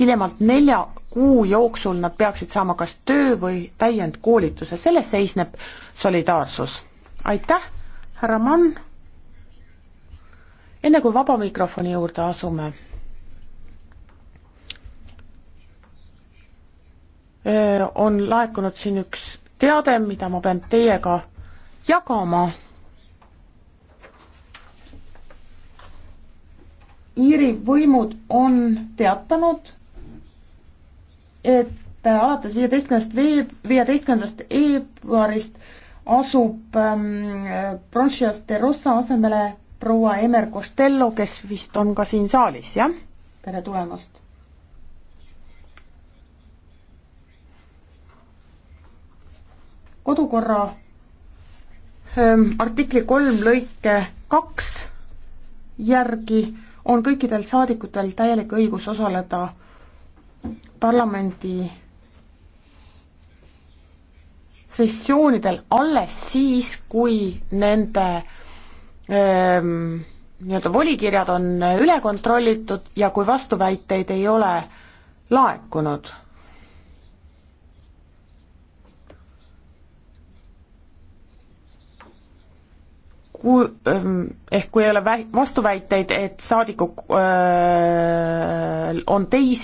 hiljemalt nelja kuu jooksul nad peaksid saama kas töö või täiendkoolituse, selles seisneb solidaarsus. aitäh, härra Mann. enne kui vaba mikrofoni juurde asume. on laekunud siin üks teade, mida ma pean teiega jagama Iiri võimud on teatanud, et alates viieteistkümnest veeb-, viieteistkümnendast veebruarist asub ähm, Bronchias de Rossa asemele proua Emer Costello, kes vist on ka siin saalis, jah? tere tulemast! kodukorra ähm, artikli kolm lõike kaks järgi on kõikidel saadikutel täielik õigus osaleda parlamendi sessioonidel alles siis, kui nende ähm, nii-öelda volikirjad on üle kontrollitud ja kui vastuväiteid ei ole laekunud ku-, ähm, ehk kui ei ole vä-, vastuväiteid, et saadiku öö, äh, on teisi